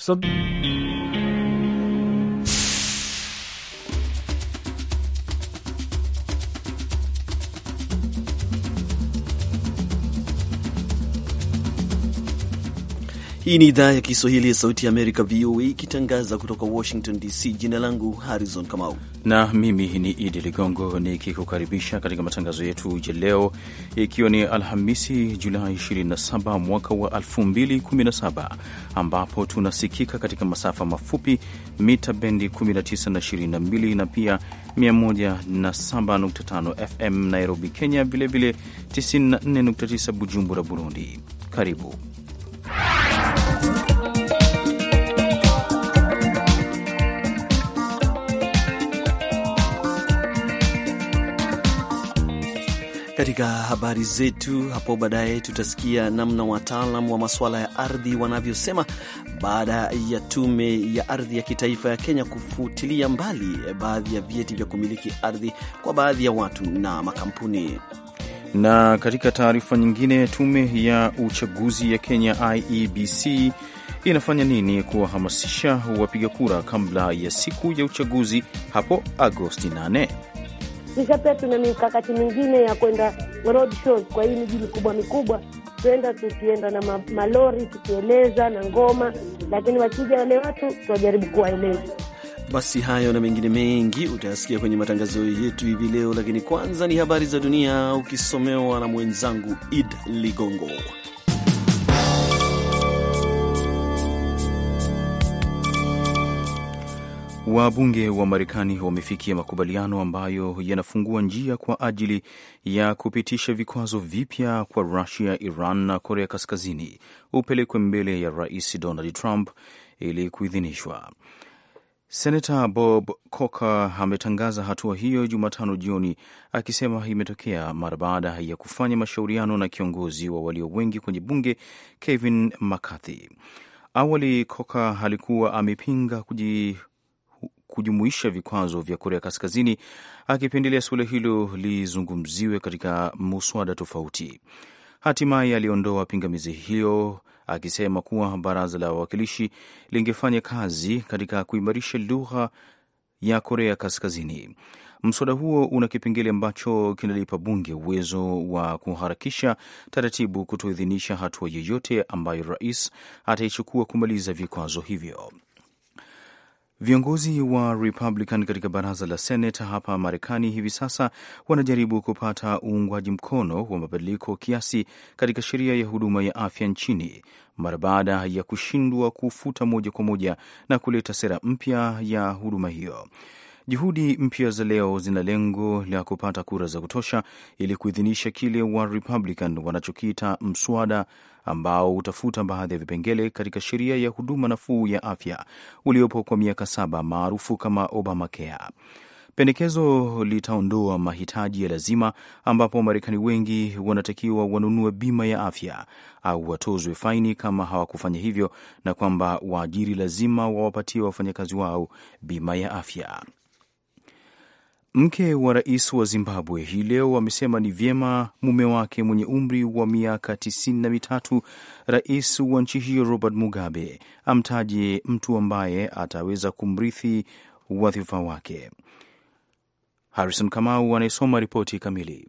So. Hii ni idhaa ya Kiswahili ya Sauti ya Amerika, VOA, ikitangaza kutoka Washington DC. Jina langu Harrison Kamau na mimi ni Idi Ligongo nikikukaribisha katika matangazo yetu ya leo, ikiwa ni Alhamisi Julai 27 mwaka wa 2017, ambapo tunasikika katika masafa mafupi mita bendi 19 na 22 na pia 107.5 FM Nairobi, Kenya, vilevile 94.9 Bujumbura, Burundi. Karibu Katika habari zetu hapo baadaye, tutasikia namna wataalam wa masuala ya ardhi wanavyosema baada ya tume ya ardhi ya kitaifa ya Kenya kufutilia mbali baadhi ya vyeti vya kumiliki ardhi kwa baadhi ya watu na makampuni. Na katika taarifa nyingine, tume ya uchaguzi ya Kenya IEBC inafanya nini kuwahamasisha wapiga kura kabla ya siku ya uchaguzi hapo Agosti 8? Kisha pia tuna mikakati mingine ya kwenda road shows kwa hii miji mikubwa mikubwa, tuenda tukienda na ma malori tukieleza na ngoma, lakini wakija wale watu tuwajaribu kuwaeleza. Basi hayo na mengine mengi utayasikia kwenye matangazo yetu hivi leo, lakini kwanza ni habari za dunia ukisomewa na mwenzangu Id Ligongo. Wabunge wa Marekani wamefikia makubaliano ambayo yanafungua njia kwa ajili ya kupitisha vikwazo vipya kwa Rusia, Iran na Korea Kaskazini upelekwe mbele ya Rais Donald Trump ili kuidhinishwa. Senata Bob Corker ametangaza hatua hiyo Jumatano jioni akisema imetokea mara baada ya kufanya mashauriano na kiongozi wa walio wengi kwenye bunge Kevin McCarthy. Awali Corker alikuwa amepinga kuji kujumuisha vikwazo vya Korea Kaskazini, akipendelea suala hilo lizungumziwe katika muswada tofauti. Hatimaye aliondoa pingamizi hiyo akisema kuwa baraza la wawakilishi lingefanya kazi katika kuimarisha lugha ya Korea Kaskazini. Mswada huo una kipengele ambacho kinalipa bunge uwezo wa kuharakisha taratibu kutoidhinisha hatua yeyote ambayo rais ataichukua kumaliza vikwazo hivyo. Viongozi wa Republican katika baraza la Senate hapa Marekani hivi sasa wanajaribu kupata uungwaji mkono wa mabadiliko kiasi katika sheria ya huduma ya afya nchini mara baada ya kushindwa kufuta moja kwa moja na kuleta sera mpya ya huduma hiyo. Juhudi mpya za leo zina lengo la kupata kura za kutosha ili kuidhinisha kile wa Republican wanachokiita mswada ambao utafuta baadhi ya vipengele katika sheria ya huduma nafuu ya afya uliopo kwa miaka saba maarufu kama Obamacare. Pendekezo litaondoa mahitaji ya lazima ambapo Wamarekani wengi wanatakiwa wanunue bima ya afya au watozwe faini kama hawakufanya hivyo, na kwamba waajiri lazima wawapatie wafanyakazi wao bima ya afya. Mke wa rais wa Zimbabwe hii leo amesema ni vyema mume wake mwenye umri wa miaka tisini na mitatu, rais wa nchi hiyo Robert Mugabe, amtaje mtu ambaye ataweza kumrithi wadhifa wake. Harrison Kamau anayesoma ripoti kamili.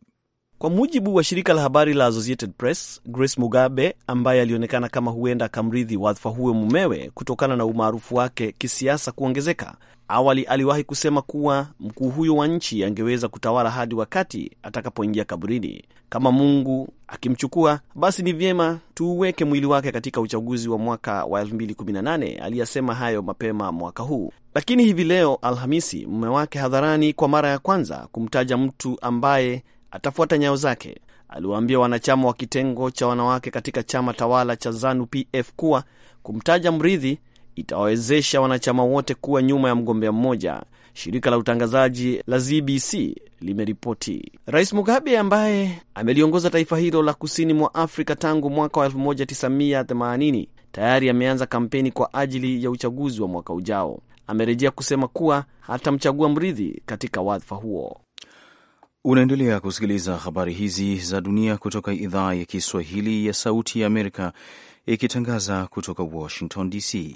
Kwa mujibu wa shirika la habari la Associated Press, Grace Mugabe ambaye alionekana kama huenda akamrithi wadhifa huyo mumewe kutokana na umaarufu wake kisiasa kuongezeka, awali aliwahi kusema kuwa mkuu huyo wa nchi angeweza kutawala hadi wakati atakapoingia kaburini. Kama Mungu akimchukua, basi ni vyema tuuweke mwili wake katika uchaguzi wa mwaka wa 2018. Aliyasema hayo mapema mwaka huu, lakini hivi leo Alhamisi, mume wake hadharani kwa mara ya kwanza kumtaja mtu ambaye atafuata nyayo zake, aliwaambia wanachama wa kitengo cha wanawake katika chama tawala cha ZANU PF kuwa kumtaja mrithi itawawezesha wanachama wote kuwa nyuma ya mgombea mmoja, shirika la utangazaji la ZBC limeripoti. Rais Mugabe ambaye ameliongoza taifa hilo la kusini mwa Afrika tangu mwaka wa 1980 tayari ameanza kampeni kwa ajili ya uchaguzi wa mwaka ujao. Amerejea kusema kuwa hatamchagua mrithi katika wadhifa huo. Unaendelea kusikiliza habari hizi za dunia kutoka idhaa ya Kiswahili ya Sauti ya Amerika ikitangaza kutoka Washington DC.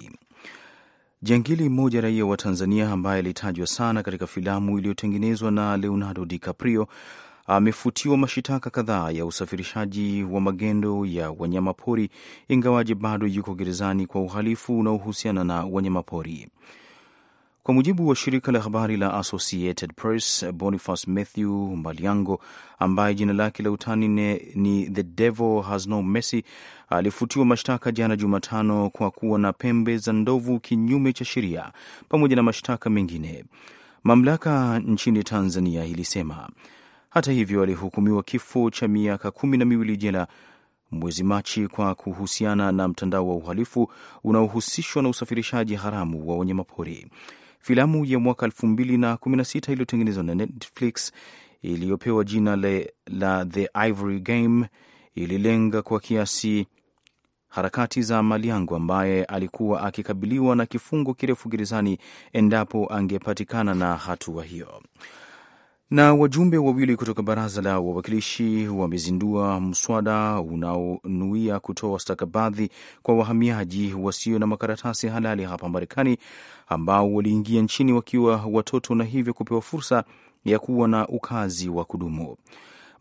Jangili mmoja raia wa Tanzania ambaye alitajwa sana katika filamu iliyotengenezwa na Leonardo DiCaprio amefutiwa mashitaka kadhaa ya usafirishaji wa magendo ya wanyamapori, ingawaje bado yuko gerezani kwa uhalifu unaohusiana na wanyamapori. Kwa mujibu wa shirika la habari la Associated Press, Boniface Matthew Mbaliango, ambaye jina lake la utani ne, ni The Devil Has No Mercy alifutiwa mashtaka jana Jumatano kwa kuwa na pembe za ndovu kinyume cha sheria pamoja na mashtaka mengine. Mamlaka nchini Tanzania ilisema hata hivyo, alihukumiwa kifo cha miaka kumi na miwili jela mwezi Machi kwa kuhusiana na mtandao wa uhalifu unaohusishwa na usafirishaji haramu wa wanyamapori. Filamu ya mwaka 2016 iliyotengenezwa na Netflix iliyopewa jina le, la The Ivory Game ililenga kwa kiasi harakati za Maliango ambaye alikuwa akikabiliwa na kifungo kirefu gerezani endapo angepatikana na hatua hiyo. Na wajumbe wawili kutoka baraza la wawakilishi wamezindua mswada unaonuia kutoa stakabadhi kwa wahamiaji wasio na makaratasi halali hapa Marekani ambao waliingia nchini wakiwa watoto na hivyo kupewa fursa ya kuwa na ukazi wa kudumu.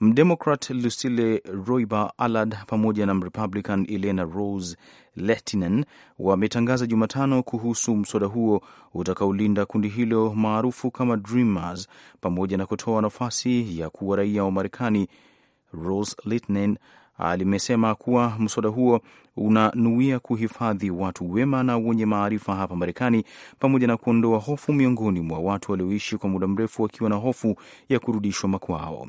Mdemokrat Lucille Roiba Allard pamoja na Mrepublican Elena Rose Lehtinen wametangaza Jumatano kuhusu mswada huo utakaolinda kundi hilo maarufu kama Dreamers pamoja na kutoa nafasi ya kuwa raia wa Marekani. Rose Lehtinen Ah, limesema kuwa mswada huo unanuia kuhifadhi watu wema na wenye maarifa hapa Marekani, pamoja na kuondoa hofu miongoni mwa watu walioishi kwa muda mrefu wakiwa na hofu ya kurudishwa makwao.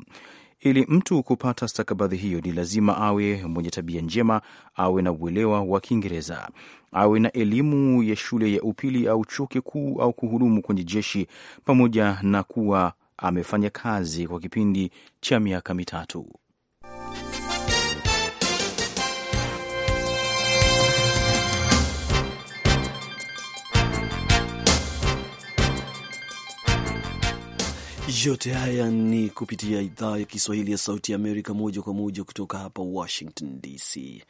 Ili mtu kupata stakabadhi hiyo ni lazima awe mwenye tabia njema, awe na uelewa wa Kiingereza, awe na elimu ya shule ya upili au chuo kikuu, au kuhudumu kwenye jeshi, pamoja na kuwa amefanya kazi kwa kipindi cha miaka mitatu. Yote haya ni kupitia idhaa ya Kiswahili ya Sauti ya Amerika, moja kwa moja kutoka hapa Washington DC.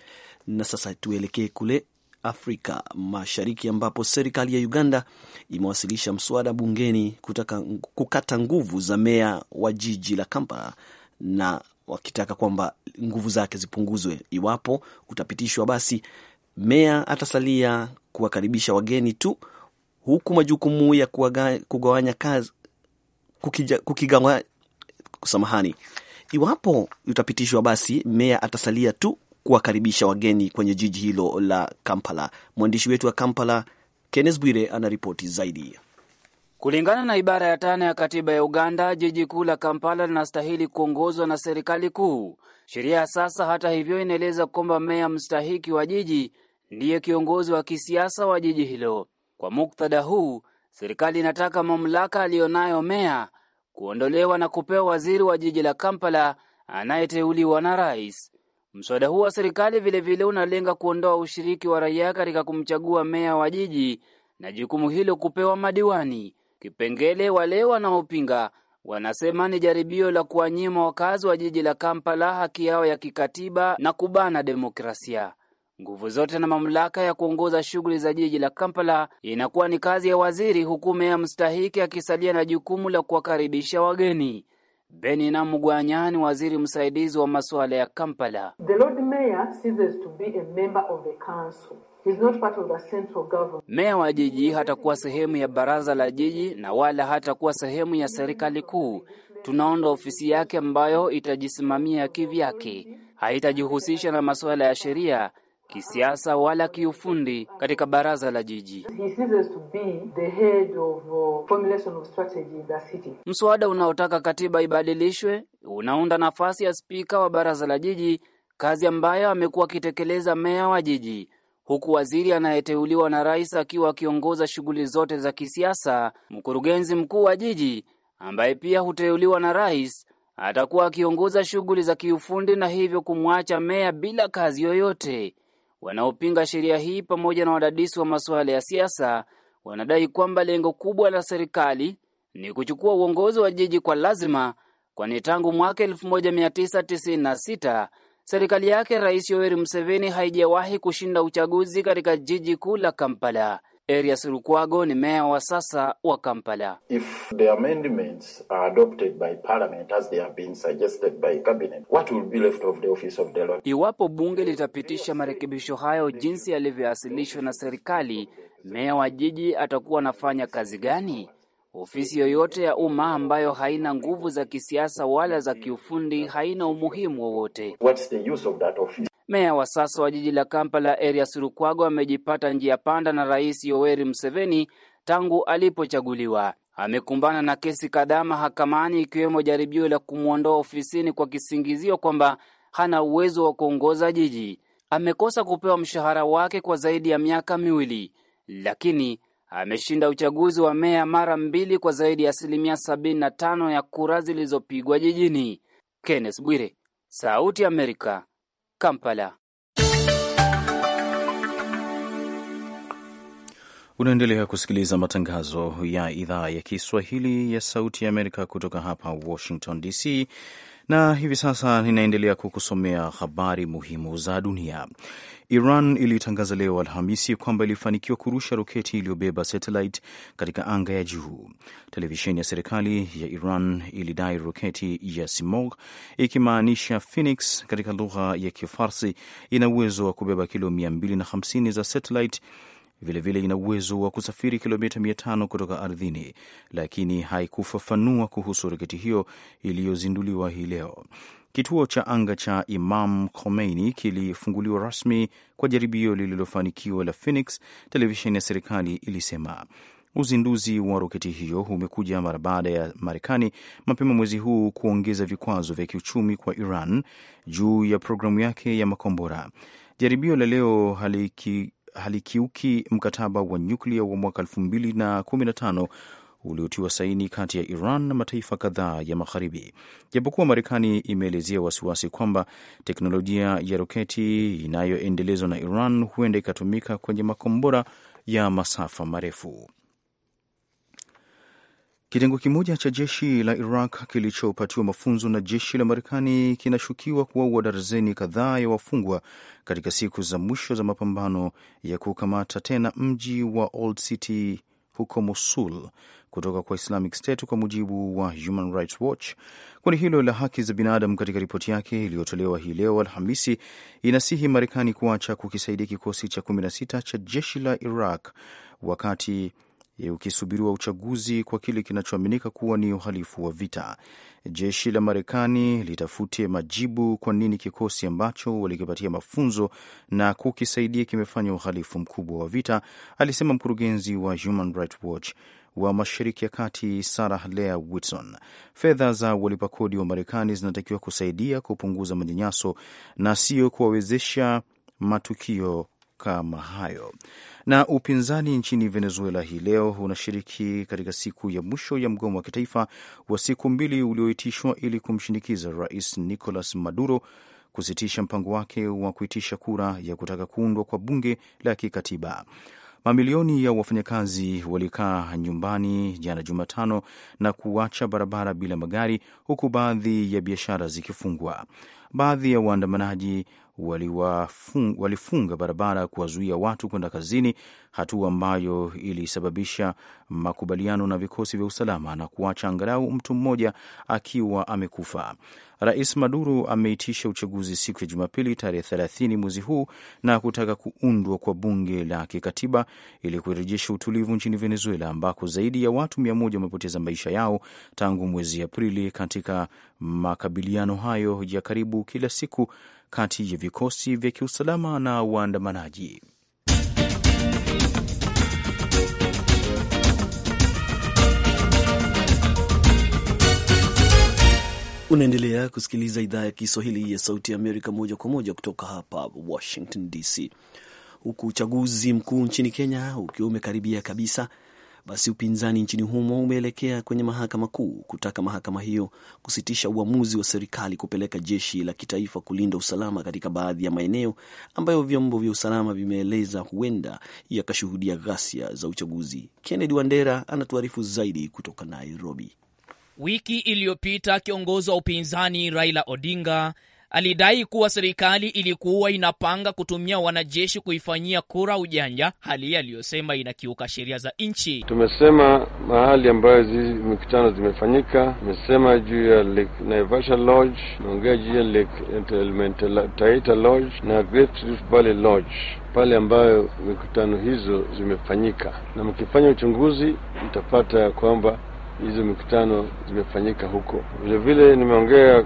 Na sasa tuelekee kule Afrika Mashariki, ambapo serikali ya Uganda imewasilisha mswada bungeni kutaka kukata nguvu za meya wa jiji la Kampala na wakitaka kwamba nguvu zake zipunguzwe. Iwapo utapitishwa, basi meya atasalia kuwakaribisha wageni tu huku majukumu ya kugawanya kazi, kukija, kukigawa samahani. Iwapo utapitishwa, basi meya atasalia tu kuwakaribisha wageni kwenye jiji hilo la Kampala. Mwandishi wetu wa Kampala Kenneth Bwire ana ripoti zaidi. Kulingana na ibara ya tano ya katiba ya Uganda, jiji kuu la Kampala linastahili kuongozwa na serikali kuu. Sheria ya sasa, hata hivyo, inaeleza kwamba meya mstahiki wa jiji ndiye kiongozi wa kisiasa wa jiji hilo. Kwa muktadha huu, serikali inataka mamlaka aliyonayo meya kuondolewa na kupewa waziri wa jiji la Kampala anayeteuliwa na rais. Mswada huu wa serikali vilevile unalenga kuondoa ushiriki wa raia katika kumchagua meya wa jiji na jukumu hilo kupewa madiwani. Kipengele wale wanaopinga wanasema ni jaribio la kuwanyima wakazi wa jiji la Kampala haki yao ya kikatiba na kubana demokrasia. Nguvu zote na mamlaka ya kuongoza shughuli za jiji la Kampala inakuwa ni kazi ya waziri, huku meya mstahiki akisalia na jukumu la kuwakaribisha wageni. na Mugwanya ni waziri msaidizi wa masuala ya Kampala. Meya wa jiji hatakuwa sehemu ya baraza la jiji na wala hatakuwa sehemu ya serikali kuu. Tunaonda ofisi yake ambayo itajisimamia kivyake, haitajihusisha na masuala ya sheria kisiasa wala kiufundi katika baraza la jiji. Uh, Mswada unaotaka katiba ibadilishwe unaunda nafasi ya spika wa baraza la jiji, kazi ambayo amekuwa akitekeleza meya wa jiji, huku waziri anayeteuliwa na rais akiwa akiongoza shughuli zote za kisiasa. Mkurugenzi mkuu wa jiji ambaye pia huteuliwa na rais atakuwa akiongoza shughuli za kiufundi na hivyo kumwacha meya bila kazi yoyote. Wanaopinga sheria hii pamoja na wadadisi wa masuala ya siasa wanadai kwamba lengo kubwa la serikali ni kuchukua uongozi wa jiji kwa lazima, kwani tangu mwaka 1996 serikali yake Rais Yoweri Museveni haijawahi kushinda uchaguzi katika jiji kuu la Kampala. Erias Lukwago ni meya wa sasa wa Kampala. If the amendments are adopted by parliament as they have been suggested by cabinet, what will be left of the office of the Lord? Iwapo bunge litapitisha marekebisho hayo jinsi yalivyowasilishwa na serikali, meya wa jiji atakuwa anafanya kazi gani? Ofisi yoyote ya umma ambayo haina nguvu za kisiasa wala za kiufundi haina umuhimu wowote. What's the use of that office? Meya wa sasa wa jiji la Kampala Erias Lukwago amejipata njia panda na Rais Yoweri Museveni tangu alipochaguliwa. Amekumbana na kesi kadhaa mahakamani, ikiwemo jaribio la kumwondoa ofisini kwa kisingizio kwamba hana uwezo wa kuongoza jiji. Amekosa kupewa mshahara wake kwa zaidi ya miaka miwili, lakini ameshinda uchaguzi wa meya mara mbili kwa zaidi ya asilimia 75 ya kura zilizopigwa jijini. Kenneth Bwire, Sauti ya Amerika, Kampala. Unaendelea kusikiliza matangazo ya idhaa ya Kiswahili ya Sauti ya Amerika kutoka hapa Washington DC, na hivi sasa ninaendelea kukusomea habari muhimu za dunia. Iran ilitangaza leo Alhamisi kwamba ilifanikiwa kurusha roketi iliyobeba satellite katika anga ya juu. Televisheni ya serikali ya Iran ilidai roketi ya Simog, ikimaanisha Phoenix katika lugha ya Kifarsi, ina uwezo wa kubeba kilo 250 za satellite vilevile ina uwezo wa kusafiri kilomita 500 kutoka ardhini, lakini haikufafanua kuhusu roketi hiyo iliyozinduliwa hii leo. Kituo cha anga cha Imam Khomeini kilifunguliwa rasmi kwa jaribio lililofanikiwa la Phoenix, televisheni ya serikali ilisema. Uzinduzi wa roketi hiyo umekuja mara baada ya Marekani mapema mwezi huu kuongeza vikwazo vya kiuchumi kwa Iran juu ya programu yake ya makombora. Jaribio la leo haliki halikiuki mkataba wa nyuklia wa mwaka 2015 uliotiwa saini kati ya Iran na mataifa kadhaa ya Magharibi, japokuwa Marekani imeelezea wasiwasi kwamba teknolojia ya roketi inayoendelezwa na Iran huenda ikatumika kwenye makombora ya masafa marefu. Kitengo kimoja cha jeshi la Iraq kilichopatiwa mafunzo na jeshi la Marekani kinashukiwa kuwaua darzeni kadhaa ya wafungwa katika siku za mwisho za mapambano ya kukamata tena mji wa Old City huko Mosul kutoka kwa Islamic State kwa mujibu wa Human Rights Watch. Kundi hilo la haki za binadamu katika ripoti yake iliyotolewa hii leo Alhamisi inasihi Marekani kuacha kukisaidia kikosi cha 16 cha jeshi la Iraq wakati Eh, ukisubiriwa uchaguzi kwa kile kinachoaminika kuwa ni uhalifu wa vita. Jeshi la Marekani litafute majibu, kwa nini kikosi ambacho walikipatia mafunzo na kukisaidia kimefanya uhalifu mkubwa wa vita, alisema mkurugenzi wa Human Rights Watch wa Mashariki ya Kati Sarah Lea Whitson. Fedha za walipakodi wa Marekani zinatakiwa kusaidia kupunguza manyanyaso na sio kuwawezesha matukio kama hayo. Na upinzani nchini Venezuela hii leo unashiriki katika siku ya mwisho ya mgomo wa kitaifa wa siku mbili ulioitishwa ili kumshinikiza Rais Nicolas Maduro kusitisha mpango wake wa kuitisha kura ya kutaka kuundwa kwa bunge la kikatiba. Mamilioni ya wafanyakazi walikaa nyumbani jana Jumatano na kuacha barabara bila magari, huku baadhi ya biashara zikifungwa. Baadhi ya waandamanaji walifung, walifunga barabara kuwazuia watu kwenda kazini, hatua ambayo ilisababisha makubaliano na vikosi vya usalama na kuacha angalau mtu mmoja akiwa amekufa. Rais Maduro ameitisha uchaguzi siku ya Jumapili tarehe 30 mwezi huu na kutaka kuundwa kwa bunge la kikatiba ili kurejesha utulivu nchini Venezuela ambako zaidi ya watu mia moja wamepoteza maisha yao tangu mwezi Aprili katika makabiliano hayo ya karibu kila siku kati ya vikosi vya kiusalama na waandamanaji. Unaendelea kusikiliza idhaa ya Kiswahili ya Sauti ya Amerika moja kwa moja kutoka hapa Washington DC, huku uchaguzi mkuu nchini Kenya ukiwa umekaribia kabisa basi upinzani nchini humo umeelekea kwenye mahakama kuu kutaka mahakama hiyo kusitisha uamuzi wa serikali kupeleka jeshi la kitaifa kulinda usalama katika baadhi ya maeneo ambayo vyombo vya usalama vimeeleza huenda yakashuhudia ghasia za uchaguzi. Kennedy Wandera anatuarifu zaidi kutoka Nairobi. Wiki iliyopita kiongozi wa upinzani Raila Odinga alidai kuwa serikali ilikuwa inapanga kutumia wanajeshi kuifanyia kura ujanja, hali aliyosema inakiuka sheria za nchi. Tumesema mahali ambayo hizi mikutano zimefanyika, tumesema juu ya Lake Naivasha Lodge, naongea juu ya Lake Lodge na Great Rift Valley Lodge, pale ambayo mikutano hizo zimefanyika, na mkifanya uchunguzi mtapata ya kwamba hizo mikutano zimefanyika huko. Vilevile nimeongea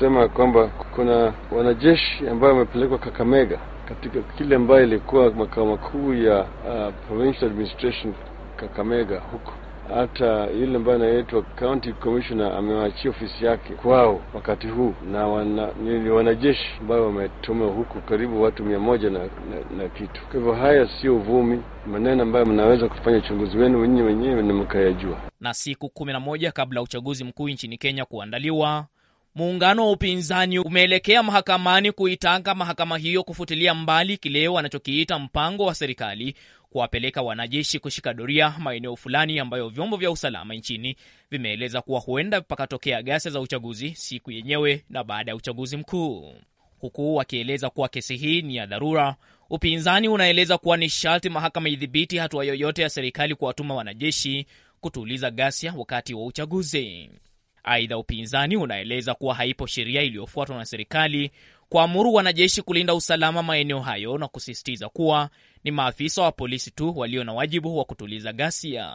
sema kwamba kuna wanajeshi ambayo wamepelekwa Kakamega katika kile ambayo ilikuwa makao makuu ya uh, provincial administration Kakamega huko hata yule ambaye anaitwa county commissioner amewachia ofisi yake kwao wakati huu, na wana, ni wanajeshi ambayo wametumwa huku karibu watu mia moja na, na, na kitu. Kwa hivyo haya sio uvumi, maneno ambayo mnaweza kufanya uchunguzi wenu wenyewe wenyewe na mkayajua. Na siku kumi na moja kabla ya uchaguzi mkuu nchini Kenya kuandaliwa, muungano wa upinzani umeelekea mahakamani kuitaka mahakama hiyo kufutilia mbali kileo anachokiita mpango wa serikali kuwapeleka wanajeshi kushika doria maeneo fulani ambayo vyombo vya usalama nchini vimeeleza kuwa huenda pakatokea ghasia za uchaguzi siku yenyewe na baada ya uchaguzi mkuu, huku wakieleza kuwa kesi hii ni ya dharura. Upinzani unaeleza kuwa ni sharti mahakama idhibiti hatua yoyote ya serikali kuwatuma wanajeshi kutuliza ghasia wakati wa uchaguzi. Aidha, upinzani unaeleza kuwa haipo sheria iliyofuatwa na serikali kuamuru wanajeshi kulinda usalama maeneo hayo na kusisitiza kuwa ni maafisa wa polisi tu walio na wajibu wa kutuliza ghasia.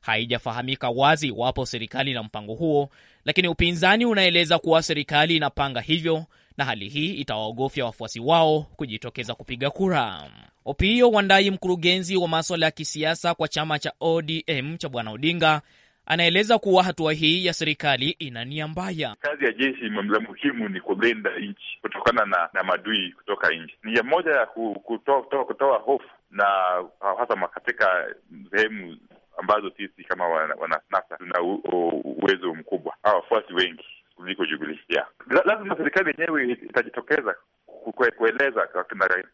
Haijafahamika wazi iwapo serikali na mpango huo, lakini upinzani unaeleza kuwa serikali inapanga hivyo na hali hii itawaogofya wafuasi wao kujitokeza kupiga kura. Opiyo Wandai, mkurugenzi wa maswala ya kisiasa kwa chama cha ODM cha Bwana Odinga, Anaeleza kuwa hatua hii ya serikali ina nia mbaya. Kazi ya jeshi la muhimu ni kulinda nchi kutokana na, na madui kutoka nje. Nia moja ya kutoa kuto, kuto, hofu na hasa katika sehemu ambazo sisi kama wanasiasa tuna uwezo mkubwa au wafuasi wengi kuliko jugulisia lazima serikali yenyewe itajitokeza kueleza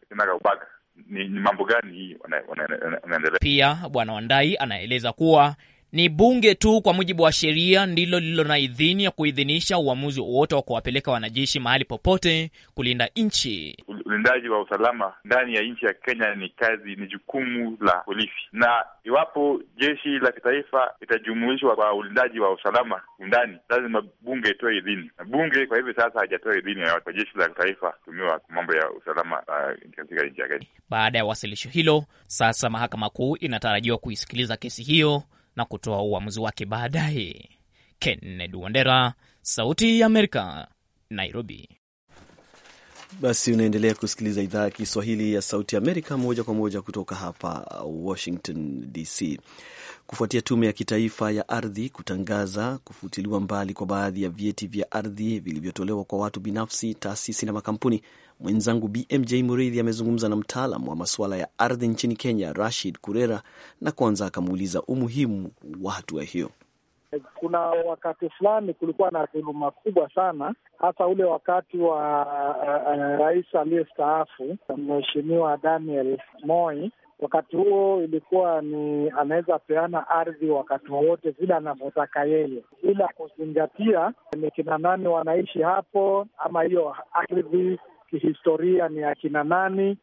kinagaubaga ni, ni mambo gani hii wanaendelea. Pia Bwana Wandai anaeleza kuwa ni bunge tu kwa mujibu wa sheria ndilo lililo na idhini ya kuidhinisha uamuzi wowote wa kuwapeleka wanajeshi mahali popote kulinda nchi. Ulindaji wa usalama ndani ya nchi ya Kenya ni kazi, ni jukumu la polisi, na iwapo jeshi la kitaifa itajumuishwa kwa ulindaji wa usalama undani, lazima bunge itoe idhini, na bunge kwa hivi sasa hajatoa idhini kwa jeshi la kitaifa kutumiwa mambo ya usalama uh, katika nchi ya Kenya. Baada ya wasilisho hilo, sasa mahakama kuu inatarajiwa kuisikiliza kesi hiyo na kutoa uamuzi wake baadaye. Kennedy Wandera, Sauti ya Amerika, Nairobi. Basi unaendelea kusikiliza idhaa ya Kiswahili ya Sauti Amerika moja kwa moja kutoka hapa Washington DC. Kufuatia tume ya kitaifa ya ardhi kutangaza kufutiliwa mbali kwa baadhi ya vyeti vya ardhi vilivyotolewa kwa watu binafsi, taasisi na makampuni Mwenzangu BMJ Muridhi amezungumza na mtaalamu wa masuala ya ardhi nchini Kenya, Rashid Kurera, na kwanza akamuuliza umuhimu wa hatua hiyo. Kuna wakati fulani kulikuwa na dhuluma kubwa sana, hasa ule wakati wa uh, uh, rais aliyestaafu Mheshimiwa Daniel Moi. Wakati huo ilikuwa ni anaweza peana ardhi wakati wowote vile anavyotaka yeye, bila kuzingatia ni kina nani wanaishi hapo, ama hiyo ardhi kihistoria ni akina nani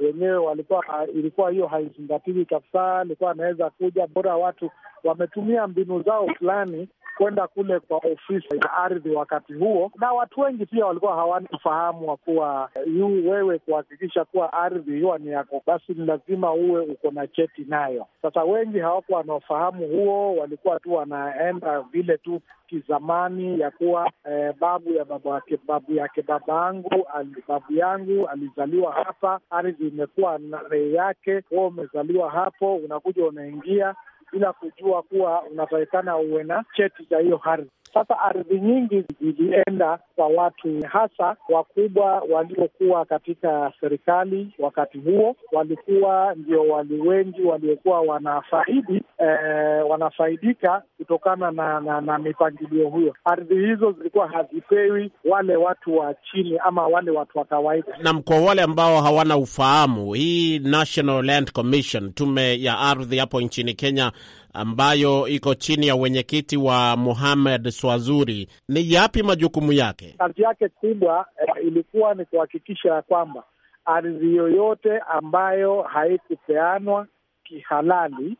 wenyewe walikuwa, ilikuwa hiyo haizingatiwi kabisa. Alikuwa anaweza kuja, bora watu wametumia mbinu zao fulani kwenda kule kwa ofisi ya ardhi wakati huo, na watu wengi pia walikuwa hawana ufahamu wa kuwa eh, yu wewe kuhakikisha kuwa ardhi hiwa ni yako, basi ni lazima uwe uko na cheti nayo. Sasa wengi hawakuwa wanaofahamu huo, walikuwa tu wanaenda vile tu kizamani ya kuwa eh, babu ya babu yake babu yake babangu babu yangu alizaliwa hapa, ardhi imekuwa na rei yake, huwa umezaliwa hapo, unakuja unaingia bila kujua kuwa unatakikana uwe na cheti cha hiyo ardhi. Sasa ardhi nyingi zilienda kwa watu hasa wakubwa waliokuwa katika serikali wakati huo, walikuwa ndio wali wengi waliokuwa wanafaidi eh, wanafaidika kutokana na, na, na mipangilio huyo Ardhi hizo zilikuwa hazipewi wale watu wa chini ama wale watu wa kawaida. Nam, kwa wale ambao hawana ufahamu, hii National Land Commission, tume ya ardhi hapo nchini Kenya ambayo iko chini ya wenyekiti wa Mohamed Swazuri, ni yapi majukumu yake? Kazi yake kubwa eh, ilikuwa ni kuhakikisha ya kwamba ardhi yoyote ambayo haikupeanwa kihalali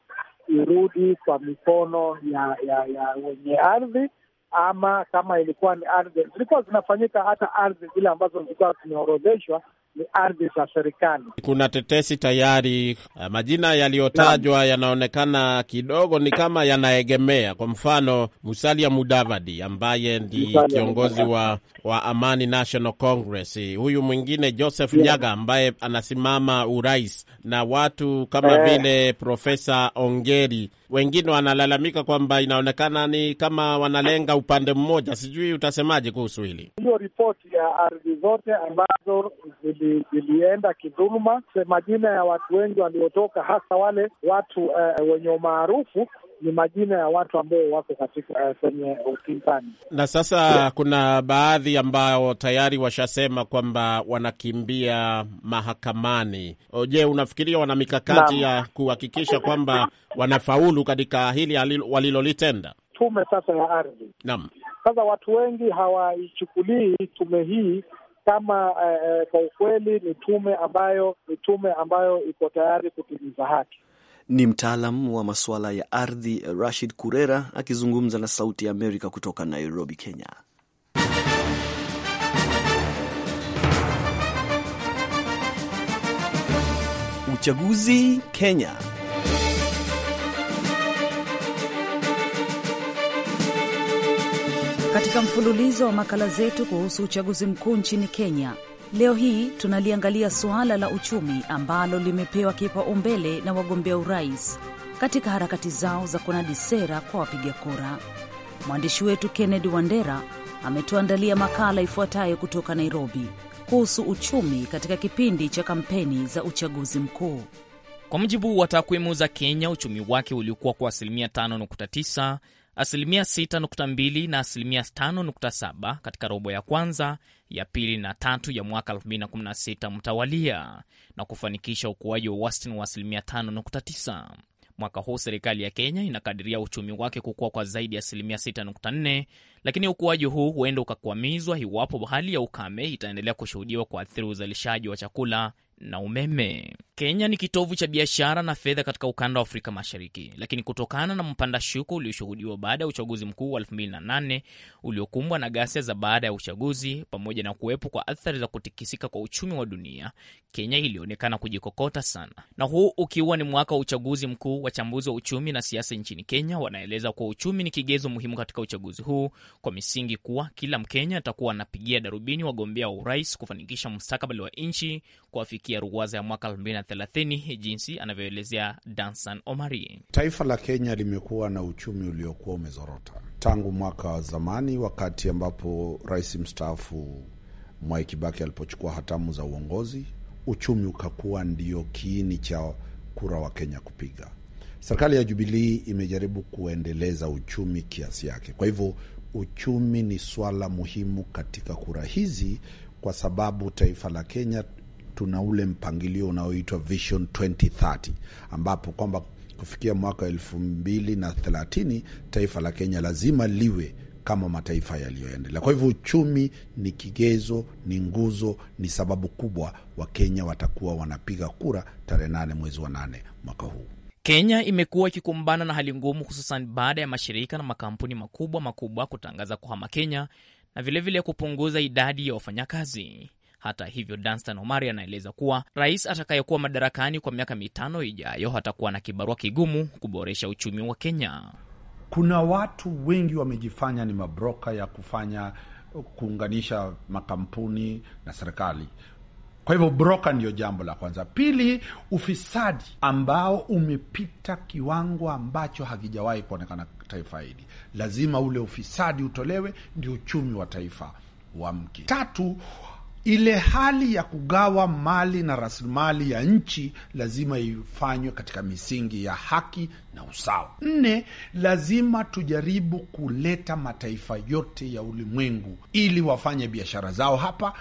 irudi kwa mikono ya, ya, ya wenye ardhi ama kama ilikuwa ni ardhi zilikuwa zinafanyika hata ardhi zile ambazo zilikuwa zimeorodheshwa ni ardhi za serikali. Kuna tetesi tayari, eh, majina yaliyotajwa yanaonekana kidogo ni kama yanaegemea. Kwa mfano, Musalia Mudavadi ambaye ni kiongozi wa, wa Amani National Congress, huyu mwingine Joseph yeah, Nyaga ambaye anasimama urais, na watu kama eh, vile Profesa Ongeri. Wengine wanalalamika kwamba inaonekana ni kama wanalenga upande mmoja. Sijui utasemaje kuhusu hili, hiyo ripoti ya ardhi zote ambazo zilienda kidhuluma. Majina ya watu wengi waliotoka, hasa wale watu uh, wenye umaarufu ni majina ya watu ambao wako katika eh, kwenye upinzani na sasa yeah. Kuna baadhi ambao tayari washasema kwamba wanakimbia mahakamani. Je, unafikiria wana mikakati ya kuhakikisha kwamba wanafaulu katika hili walilolitenda? Tume sasa ya ardhi, naam. Sasa watu wengi hawaichukulii tume hii kama eh, eh, kwa ukweli ni tume ambayo ni tume ambayo iko tayari kutimiza haki. Ni mtaalam wa masuala ya ardhi Rashid Kurera akizungumza na Sauti ya Amerika kutoka Nairobi, Kenya. Uchaguzi Kenya. Katika mfululizo wa makala zetu kuhusu uchaguzi mkuu nchini Kenya, leo hii tunaliangalia suala la uchumi ambalo limepewa kipaumbele na wagombea urais katika harakati zao za kunadi sera kwa wapiga kura. Mwandishi wetu Kennedy Wandera ametuandalia makala ifuatayo kutoka Nairobi kuhusu uchumi katika kipindi cha kampeni za uchaguzi mkuu. Kwa mujibu wa takwimu za Kenya, uchumi wake ulikuwa kwa asilimia 5.9 asilimia 6.2 na asilimia 5.7 katika robo ya kwanza, ya pili na tatu ya mwaka 2016 mtawalia na kufanikisha ukuaji wa wastani wa asilimia 5.9. Mwaka huu serikali ya Kenya inakadiria uchumi wake kukua kwa zaidi ya asilimia 6.4, lakini ukuaji huu huenda ukakwamizwa iwapo hali ya ukame itaendelea kushuhudiwa kuathiri uzalishaji wa chakula na umeme. Kenya ni kitovu cha biashara na fedha katika ukanda wa Afrika Mashariki, lakini kutokana na mpanda mpandashuko ulioshuhudiwa baada ya uchaguzi mkuu wa 2008 uliokumbwa na ghasia za baada ya uchaguzi pamoja na kuwepo kwa athari za kutikisika kwa uchumi wa dunia, Kenya ilionekana kujikokota sana, na huu ukiwa ni mwaka wa uchaguzi mkuu. Wachambuzi wa uchumi na siasa nchini Kenya wanaeleza kuwa uchumi ni kigezo muhimu katika uchaguzi huu, kwa misingi kuwa kila Mkenya atakuwa anapigia darubini wagombea wa urais kufanikisha mustakabali wa nchi kwa kufikia ruwaza ya mwaka 2030, jinsi anavyoelezea Dansan Omari. Taifa la Kenya limekuwa na uchumi uliokuwa umezorota tangu mwaka wa zamani, wakati ambapo rais mstaafu Mwai Kibaki alipochukua hatamu za uongozi, uchumi ukakuwa ndio kiini cha kura wa Kenya kupiga. Serikali ya Jubilii imejaribu kuendeleza uchumi kiasi yake. Kwa hivyo uchumi ni swala muhimu katika kura hizi, kwa sababu taifa la Kenya tuna ule mpangilio unaoitwa Vision 2030 ambapo kwamba kufikia mwaka elfu mbili na thelathini taifa la Kenya lazima liwe kama mataifa yaliyoendelea. Kwa hivyo uchumi ni kigezo, ni nguzo, ni sababu kubwa Wakenya watakuwa wanapiga kura tarehe nane mwezi wa nane mwaka huu. Kenya imekuwa ikikumbana na hali ngumu, hususan baada ya mashirika na makampuni makubwa makubwa kutangaza kuhama Kenya na vilevile vile kupunguza idadi ya wafanyakazi. Hata hivyo, Danstan Omari anaeleza kuwa rais atakayekuwa madarakani kwa miaka mitano ijayo hatakuwa na kibarua kigumu kuboresha uchumi wa Kenya. Kuna watu wengi wamejifanya ni mabroka ya kufanya kuunganisha makampuni na serikali. Kwa hivyo broka ndiyo jambo la kwanza. Pili, ufisadi ambao umepita kiwango ambacho hakijawahi kuonekana taifa hili. Lazima ule ufisadi utolewe, ndio uchumi wa taifa wamke. Tatu, ile hali ya kugawa mali na rasilimali ya nchi lazima ifanywe katika misingi ya haki na usawa. Nne, lazima tujaribu kuleta mataifa yote ya ulimwengu ili wafanye biashara zao hapa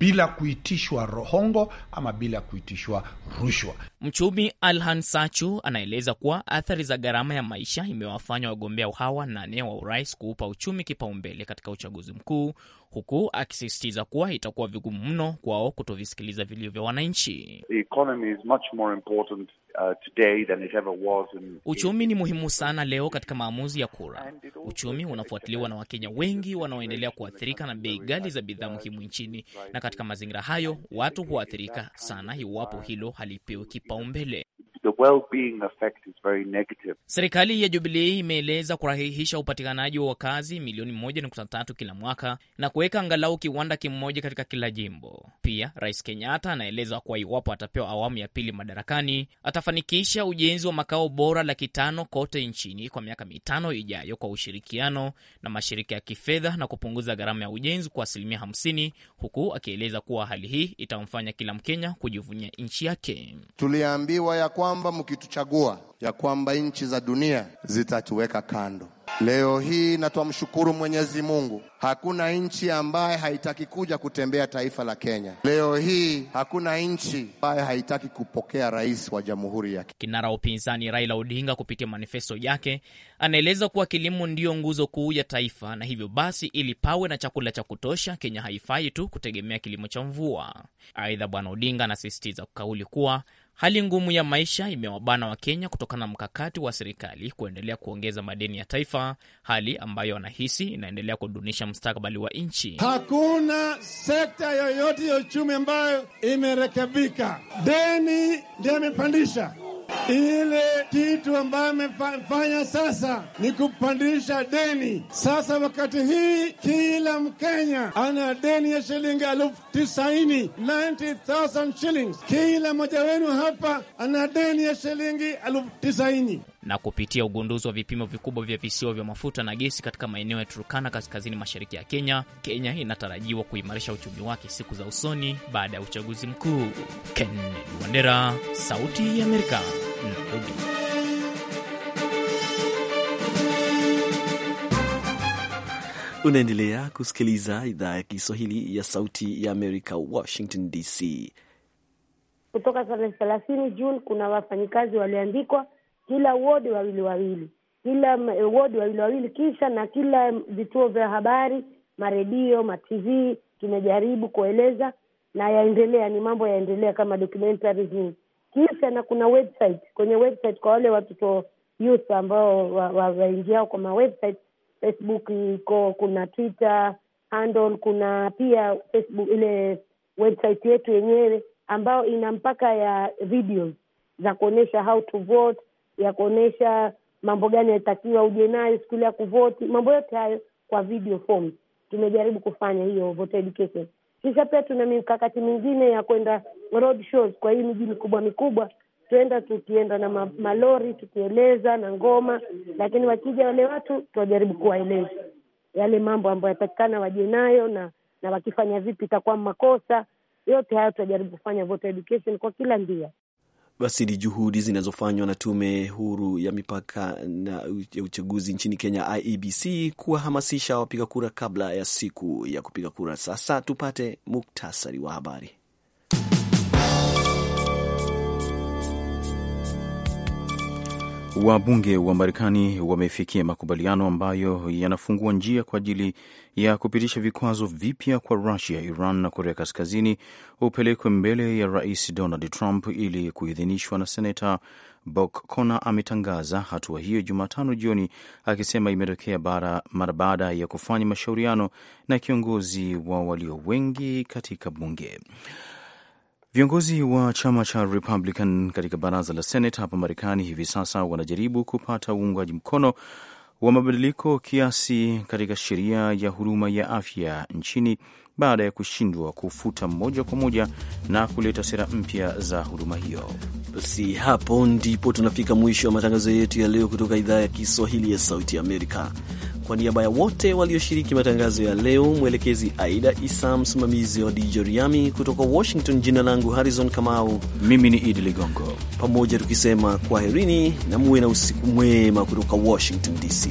bila kuitishwa rohongo ama bila kuitishwa rushwa. Mchumi Alhan Sachu anaeleza kuwa athari za gharama ya maisha imewafanya wagombea hawa nane wa urais kuupa uchumi kipaumbele katika uchaguzi mkuu, huku akisisitiza kuwa itakuwa vigumu mno kwao kutovisikiliza vilio vya wananchi. Uh, today than it ever was in... Uchumi ni muhimu sana leo katika maamuzi ya kura. Uchumi unafuatiliwa na Wakenya wengi wanaoendelea kuathirika na bei ghali za bidhaa uh, muhimu nchini, na katika mazingira hayo watu huathirika sana iwapo uh, hilo halipewi kipaumbele the well-being effect is very negative. Serikali ya Jubilee imeeleza kurahihisha upatikanaji wa wakazi milioni 13 kila mwaka na kuweka angalau kiwanda kimoja katika kila jimbo. Pia Rais Kenyatta anaeleza kuwa iwapo atapewa awamu ya pili madarakani atafanikisha ujenzi wa makao bora laki tano kote nchini kwa miaka mitano ijayo kwa ushirikiano na mashirika ya kifedha na kupunguza gharama ya ujenzi kwa asilimia 50 huku akieleza kuwa hali hii itamfanya kila Mkenya kujivunia nchi yake. Tuliambiwa ya kwamba kwamba mkituchagua, ya kwamba nchi za dunia zitatuweka kando. Leo hii natwamshukuru Mwenyezi Mungu, hakuna nchi ambaye haitaki kuja kutembea taifa la Kenya. Leo hii hakuna nchi ambaye haitaki kupokea rais wa jamhuri yake. Kinara wa upinzani Raila Odinga kupitia manifesto yake anaeleza kuwa kilimo ndiyo nguzo kuu ya taifa, na hivyo basi ili pawe na chakula cha kutosha, Kenya haifai tu kutegemea kilimo cha mvua. Aidha, Bwana Odinga anasisitiza kauli kuwa Hali ngumu ya maisha imewabana Wakenya kutokana na mkakati wa serikali kuendelea kuongeza madeni ya taifa, hali ambayo wanahisi inaendelea kudunisha mustakabali wa nchi. Hakuna sekta yoyote ya uchumi ambayo imerekebika, deni ndiyo imepandisha ile kitu ambayo amefanya sasa ni kupandisha deni. Sasa wakati hii kila Mkenya ana deni ya shilingi elfu tisaini 90,000 shillings. Kila mmoja wenu hapa ana deni ya shilingi elfu tisaini na kupitia ugunduzi wa vipimo vikubwa vya visiwa vya mafuta na gesi katika maeneo ya Turkana kaskazini mashariki ya Kenya, Kenya inatarajiwa kuimarisha uchumi wake siku za usoni baada ya uchaguzi mkuu. Kennedy Wandera, Sauti ya Amerika, Nairobi. Unaendelea kusikiliza idhaa ya Kiswahili ya Sauti ya Amerika, Washington DC. Kutoka tarehe 30 Juni kuna wafanyikazi waliandikwa kila wodi wawili wawili, kila eh, wodi wawili wawili, kisha na kila vituo vya habari, maredio, matv tumejaribu kueleza na yaendelea, ni mambo yaendelea kama documentaries Kisha na kuna website, kwenye website kwa wale watoto youth ambao waingiao wa, wa kwa mawebsite Facebook iko, kuna Twitter handle, kuna pia Facebook ile website yetu yenyewe ambayo ina mpaka ya videos za kuonyesha how to vote, ya kuonesha mambo gani yanatakiwa uje nayo siku ile ya kuvoti, mambo yote hayo kwa video form. Tumejaribu kufanya hiyo voter education. Kisha pia tuna mikakati mingine ya kwenda road shows kwa hii miji mikubwa mikubwa, tuenda tukienda na malori tukieleza na ngoma, lakini wakija wale watu tuwajaribu kuwaeleza yale mambo ambayo yatakikana waje nayo na na wakifanya vipi itakuwa makosa. Yote hayo tunajaribu kufanya voter education kwa kila njia. Basi ni juhudi zinazofanywa na Tume Huru ya Mipaka na ya Uchaguzi nchini Kenya, IEBC, kuwahamasisha wapiga kura kabla ya siku ya kupiga kura. Sasa tupate muktasari wa habari. Wabunge wa Marekani wamefikia makubaliano ambayo yanafungua njia kwa ajili ya kupitisha vikwazo vipya kwa Rusia, Iran na Korea Kaskazini upelekwe mbele ya Rais Donald Trump ili kuidhinishwa na Senata Bok Cona ametangaza hatua hiyo Jumatano jioni akisema imetokea mara baada ya kufanya mashauriano na kiongozi wa walio wengi katika bunge. Viongozi wa chama cha Republican katika baraza la Senate hapa Marekani hivi sasa wanajaribu kupata uungwaji mkono wa mabadiliko kiasi katika sheria ya huduma ya afya nchini baada ya kushindwa kufuta moja kwa moja na kuleta sera mpya za huduma hiyo. Basi hapo ndipo tunafika mwisho wa matangazo yetu ya leo kutoka idhaa ya Kiswahili ya Sauti Amerika. Kwa niaba ya wote walioshiriki matangazo ya leo, mwelekezi Aida Isa, msimamizi wa DJ Riami kutoka Washington, jina langu Harrison Kamau, mimi ni Idi Ligongo, pamoja tukisema kwaherini na muwe na usiku mwema kutoka Washington DC.